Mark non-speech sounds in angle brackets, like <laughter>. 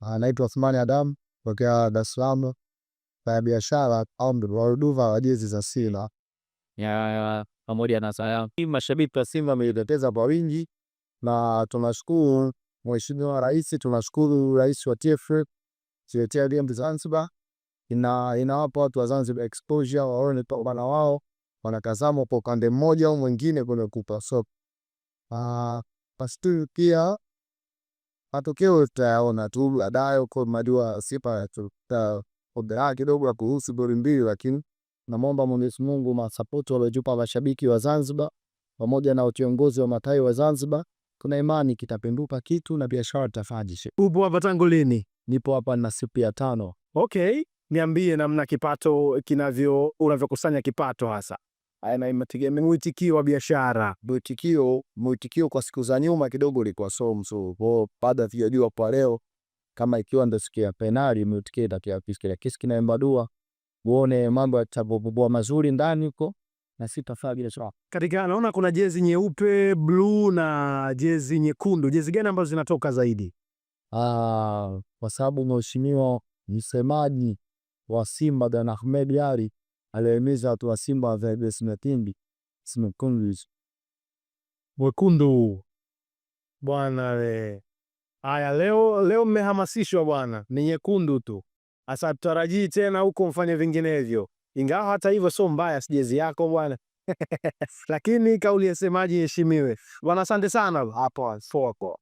anaitwa ah, Othmani Adam kutoka Dar es Salaam, fanya biashara au mdogo wa jezi za Simba pamoja na salamu. Mashabiki wa Simba wamejitokeza kwa wingi na tunashukuru Mheshimiwa Rais, tunashukuru Rais wa TFF kutuletea game Zanzibar, ina inawapa watu wa Zanzibar exposure, waone bana wao wanakazama kwa upande mmoja au mwingine kwenye kupa so, Ah, pastu pia matokeo tutayaona tu baadaye. huko Najua Simba tutaongelea kidogo kuhusu goli mbili, lakini namwomba Mwenyezi Mungu masapoti waliojupa mashabiki wa Zanzibar pamoja na viongozi wa matai wa Zanzibar, kuna imani kitapinduka kitu na biashara tafajishe. Upo hapa tangu lini? Nipo hapa na siku ya tano. Okay, niambie namna kipato kinavyo, unavyokusanya kipato hasa na imetegemea mwitikio wa biashara. Mwitikio mwitikio kwa siku za nyuma kidogo ulikuwa so mzuri, kwa baada ya jua kwa leo, kama ikiwa ndio siku ya penali, mwitikio itakuwa kiasi na kiski, kinaomba dua, uone mambo yatapopoa mazuri ndani huko na sita tafaa bila shaka. Katika naona kuna jezi nyeupe, blue na jezi nyekundu, jezi gani ambazo zinatoka zaidi? Ah, kwa sababu mheshimiwa msemaji wa Simba Dan Ahmed Ally aliwahimiza watu wa Simba zaidi Sinatimbi Simkundus mwekundu bwana we. Haya, leo leo mmehamasishwa bwana, ni nyekundu tu. Asa tutarajii tena huko mfanye vinginevyo, ingawa hata hivyo sio mbaya sijezi yako bwana <laughs> lakini kauli ya semaji heshimiwe bwana. Asante sana hapo foko.